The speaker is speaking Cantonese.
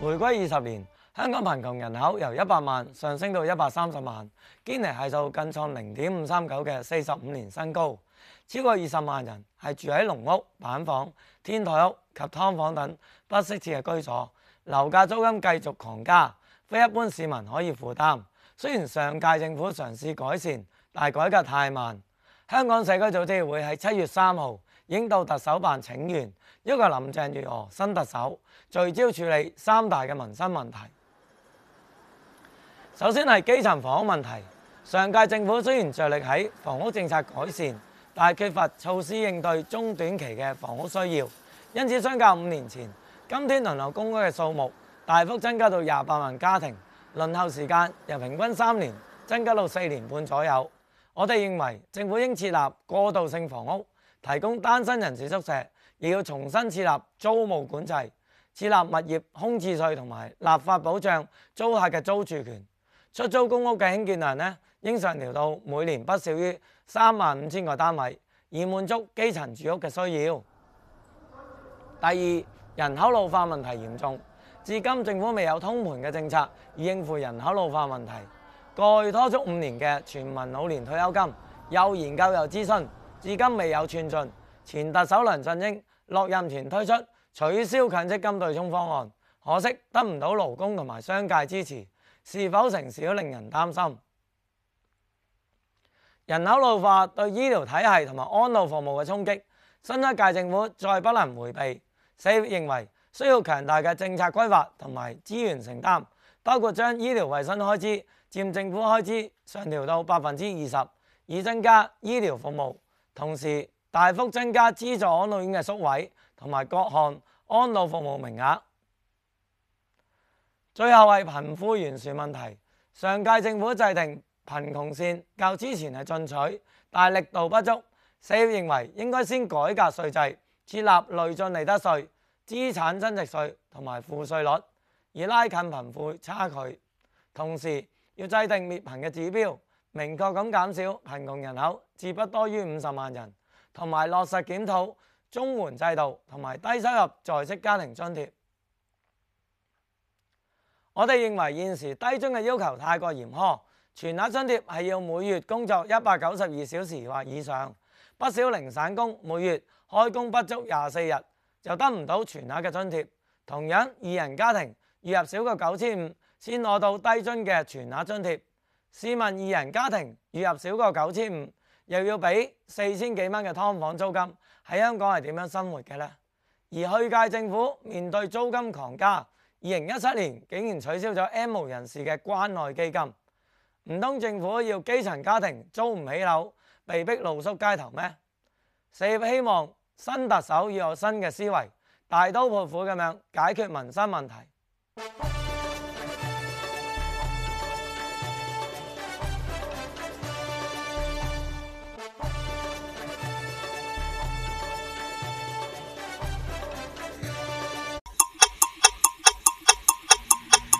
回歸二十年，香港貧窮人口由一百萬上升到一百三十萬，堅尼系數更創零點五三九嘅四十五年新高，超過二十萬人係住喺農屋、板房、天台屋及劏房等不適切嘅居所，樓價租金繼續狂加，非一般市民可以負擔。雖然上屆政府嘗試改善，但改革太慢。香港社區組織會喺七月三號，嚟到特首辦請願，一個林鄭月娥新特首聚焦處理三大嘅民生問題。首先係基層房屋問題。上屆政府雖然着力喺房屋政策改善，但係缺乏措施應對中短期嘅房屋需要。因此相較五年前，今天輪候公屋嘅數目大幅增加到廿八萬家庭，輪候時間由平均三年增加到四年半左右。我哋認為政府應設立過渡性房屋。提供單身人士宿舍，又要重新設立租務管制，設立物業空置稅同埋立法保障租客嘅租住權。出租公屋嘅興建量呢，應上調到每年不少於三萬五千個單位，以滿足基層住屋嘅需要。第二，人口老化問題嚴重，至今政府未有通盤嘅政策以應付人口老化問題。過去拖足五年嘅全民老年退休金，又研究又諮詢。至今未有寸進，前特首梁振英落任前推出取消強積金對沖方案，可惜得唔到勞工同埋商界支持，是否成事令人擔心。人口老化對醫療體系同埋安老服務嘅衝擊，新一屆政府再不能回避。佢認為需要強大嘅政策規劃同埋資源承擔，包括將醫療衞生開支佔政府開支上調到百分之二十，以增加醫療服務。同時大幅增加資助安老院嘅宿位同埋各項安老服務名額。最後係貧富懸殊問題，上屆政府制定貧窮線較之前係進取，但力度不足。社協認為應該先改革稅制，設立累進利得稅、資產增值稅同埋負稅率，以拉近貧富差距。同時要制定滅貧嘅指標。明確咁減少貧窮人口至不多於五十萬人，同埋落實檢討綜援制度同埋低收入在職家庭津貼。我哋認為現時低津嘅要求太過嚴苛，全額津貼係要每月工作一百九十二小時或以上。不少零散工每月開工不足廿四日，就得唔到全額嘅津貼。同樣，二人家庭月入少過九千五，先攞到低津嘅全額津貼。試問二人家庭月入少過九千五，又要俾四千幾蚊嘅劏房租金，喺香港係點樣生活嘅呢？而去屆政府面對租金狂加，二零一七年竟然取消咗 N 無人士嘅關愛基金，唔通政府要基層家庭租唔起樓，被逼露宿街頭咩？四希望新特首要有新嘅思維，大刀闊斧咁樣解決民生問題。